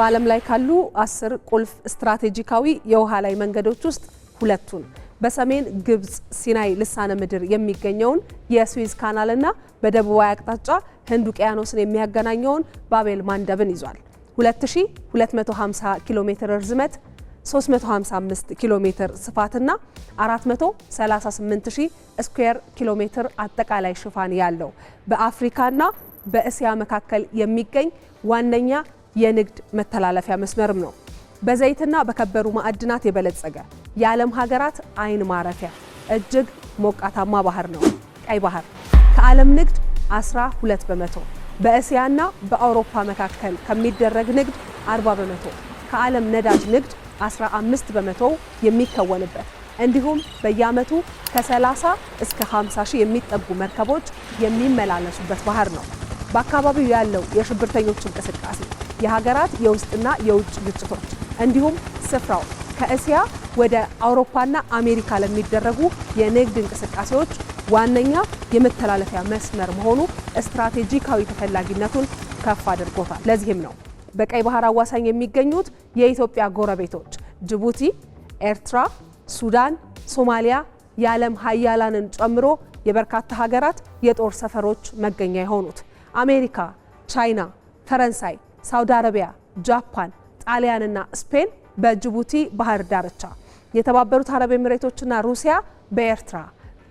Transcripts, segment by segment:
በዓለም ላይ ካሉ አስር ቁልፍ ስትራቴጂካዊ የውሃ ላይ መንገዶች ውስጥ ሁለቱን በሰሜን ግብጽ ሲናይ ልሳነ ምድር የሚገኘውን የስዊዝ ካናልና በደቡባዊ አቅጣጫ ህንድ ውቅያኖስን የሚያገናኘውን ባቤል ማንደብን ይዟል። 2250 ኪሎ ሜትር ርዝመት 355 ኪሎ ሜትር ስፋትና 438000 ስኩዌር ኪሎ ሜትር አጠቃላይ ሽፋን ያለው በአፍሪካና በእስያ መካከል የሚገኝ ዋነኛ የንግድ መተላለፊያ መስመርም ነው። በዘይትና በከበሩ ማዕድናት የበለጸገ የዓለም ሀገራት አይን ማረፊያ እጅግ ሞቃታማ ባህር ነው ቀይ ባህር። ከዓለም ንግድ 12 በመቶ፣ በእስያና በአውሮፓ መካከል ከሚደረግ ንግድ 40 በመቶ፣ ከዓለም ነዳጅ ንግድ 15 በመቶ የሚከወንበት እንዲሁም በየዓመቱ ከ30 እስከ 50 ሺህ የሚጠጉ መርከቦች የሚመላለሱበት ባህር ነው። በአካባቢው ያለው የሽብርተኞች እንቅስቃሴ የሀገራት የውስጥና የውጭ ግጭቶች እንዲሁም ስፍራው ከእስያ ወደ አውሮፓና አሜሪካ ለሚደረጉ የንግድ እንቅስቃሴዎች ዋነኛ የመተላለፊያ መስመር መሆኑ ስትራቴጂካዊ ተፈላጊነቱን ከፍ አድርጎታል። ለዚህም ነው በቀይ ባህር አዋሳኝ የሚገኙት የኢትዮጵያ ጎረቤቶች ጅቡቲ፣ ኤርትራ፣ ሱዳን፣ ሶማሊያ የዓለም ሀያላንን ጨምሮ የበርካታ ሀገራት የጦር ሰፈሮች መገኛ የሆኑት አሜሪካ፣ ቻይና፣ ፈረንሳይ ሳውዲ አረቢያ፣ ጃፓን፣ ጣሊያንና ስፔን በጅቡቲ ባህር ዳርቻ፣ የተባበሩት አረብ ኤሚሬቶችና ሩሲያ በኤርትራ፣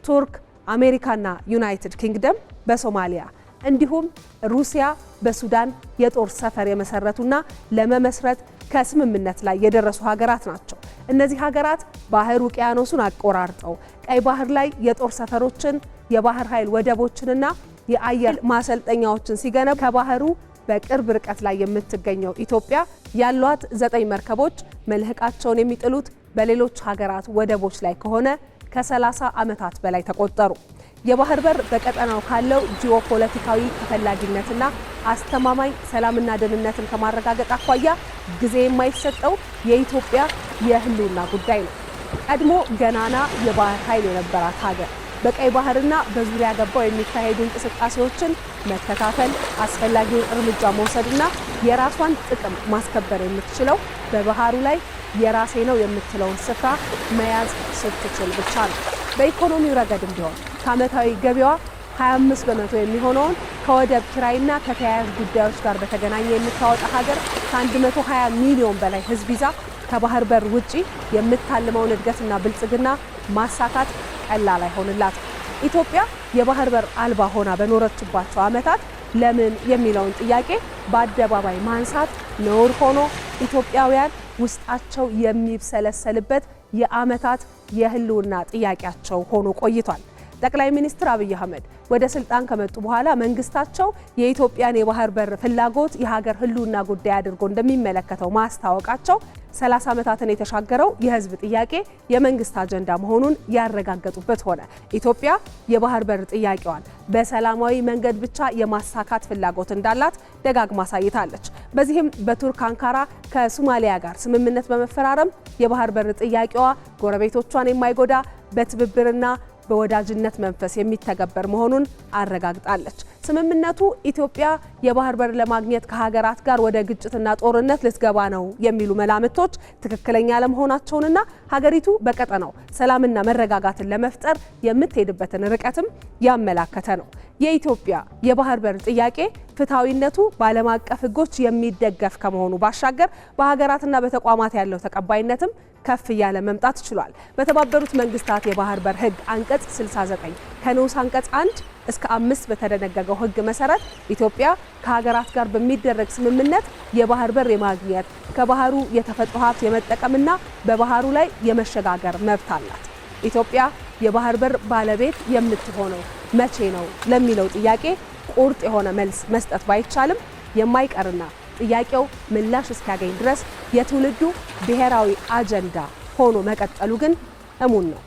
ቱርክ፣ አሜሪካና ዩናይትድ ኪንግደም በሶማሊያ እንዲሁም ሩሲያ በሱዳን የጦር ሰፈር የመሰረቱና ለመመስረት ከስምምነት ላይ የደረሱ ሀገራት ናቸው። እነዚህ ሀገራት ባህር ውቅያኖሱን አቆራርጠው ቀይ ባህር ላይ የጦር ሰፈሮችን፣ የባህር ኃይል ወደቦችንና የአየር ማሰልጠኛዎችን ሲገነቡ ከባህሩ በቅርብ ርቀት ላይ የምትገኘው ኢትዮጵያ ያሏት ዘጠኝ መርከቦች መልህቃቸውን የሚጥሉት በሌሎች ሀገራት ወደቦች ላይ ከሆነ ከ30 ዓመታት በላይ ተቆጠሩ። የባህር በር በቀጠናው ካለው ጂኦፖለቲካዊ ተፈላጊነትና አስተማማኝ ሰላምና ደህንነትን ከማረጋገጥ አኳያ ጊዜ የማይሰጠው የኢትዮጵያ የህልውና ጉዳይ ነው። ቀድሞ ገናና የባህር ኃይል የነበራት ሀገር በቀይ ባህርና በዙሪያ ገባው የሚካሄዱ እንቅስቃሴዎችን መከታተል፣ አስፈላጊውን እርምጃ መውሰድና የራሷን ጥቅም ማስከበር የምትችለው በባህሩ ላይ የራሴ ነው የምትለውን ስፍራ መያዝ ስትችል ብቻ ነው። በኢኮኖሚው ረገድ እንዲሆን ከዓመታዊ ገቢዋ 25 በመቶ የሚሆነውን ከወደብ ኪራይና ከተያያዥ ጉዳዮች ጋር በተገናኘ የምታወጣ ሀገር ከ120 ሚሊዮን በላይ ሕዝብ ይዛ ከባህር በር ውጪ የምታልመውን እድገትና ብልጽግና ማሳካት ቀላል አይሆንላት። ኢትዮጵያ የባህር በር አልባ ሆና በኖረችባቸው ዓመታት ለምን የሚለውን ጥያቄ በአደባባይ ማንሳት ነውር ሆኖ ኢትዮጵያውያን ውስጣቸው የሚብሰለሰልበት የዓመታት የህልውና ጥያቄያቸው ሆኖ ቆይቷል። ጠቅላይ ሚኒስትር አብይ አህመድ ወደ ስልጣን ከመጡ በኋላ መንግስታቸው የኢትዮጵያን የባህር በር ፍላጎት የሀገር ህልውና ጉዳይ አድርጎ እንደሚመለከተው ማስታወቃቸው 30 ዓመታትን የተሻገረው የህዝብ ጥያቄ የመንግስት አጀንዳ መሆኑን ያረጋገጡበት ሆነ። ኢትዮጵያ የባህር በር ጥያቄዋን በሰላማዊ መንገድ ብቻ የማሳካት ፍላጎት እንዳላት ደጋግማ አሳይታለች። በዚህም በቱርክ አንካራ ከሶማሊያ ጋር ስምምነት በመፈራረም የባህር በር ጥያቄዋ ጎረቤቶቿን የማይጎዳ በትብብርና በወዳጅነት መንፈስ የሚተገበር መሆኑን አረጋግጣለች። ስምምነቱ ኢትዮጵያ የባህር በር ለማግኘት ከሀገራት ጋር ወደ ግጭትና ጦርነት ልትገባ ነው የሚሉ መላምቶች ትክክለኛ አለመሆናቸውንና ሀገሪቱ በቀጠናው ሰላምና መረጋጋትን ለመፍጠር የምትሄድበትን ርቀትም ያመላከተ ነው። የኢትዮጵያ የባህር በር ጥያቄ ፍትሐዊነቱ በዓለም አቀፍ ሕጎች የሚደገፍ ከመሆኑ ባሻገር በሀገራትና በተቋማት ያለው ተቀባይነትም ከፍ እያለ መምጣት ችሏል። በተባበሩት መንግስታት የባህር በር ህግ አንቀጽ 69 ከንዑስ አንቀጽ 1 እስከ አምስት በተደነገገው ህግ መሰረት ኢትዮጵያ ከሀገራት ጋር በሚደረግ ስምምነት የባህር በር የማግኘት ከባህሩ የተፈጥሮ ሀብት የመጠቀምና በባህሩ ላይ የመሸጋገር መብት አላት። ኢትዮጵያ የባህር በር ባለቤት የምትሆነው መቼ ነው ለሚለው ጥያቄ ቁርጥ የሆነ መልስ መስጠት ባይቻልም የማይቀርና ጥያቄው ምላሽ እስኪያገኝ ድረስ የትውልዱ ብሔራዊ አጀንዳ ሆኖ መቀጠሉ ግን እሙን ነው።